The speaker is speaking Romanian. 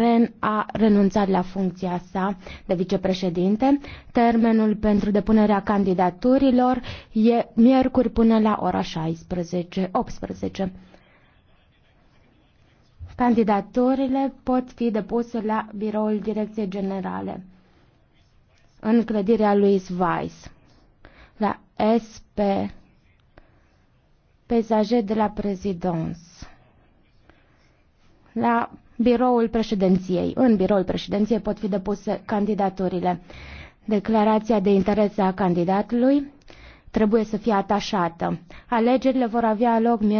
Ren a renunțat la funcția sa de vicepreședinte. Termenul pentru depunerea candidaturilor e miercuri până la ora 16.18. Candidaturile pot fi depuse la biroul Direcției Generale în clădirea lui Weiss la SP Peisaje de la Prezidons la biroul președinției. În biroul președinției pot fi depuse candidaturile. Declarația de interese a candidatului trebuie să fie atașată. Alegerile vor avea loc miercuri.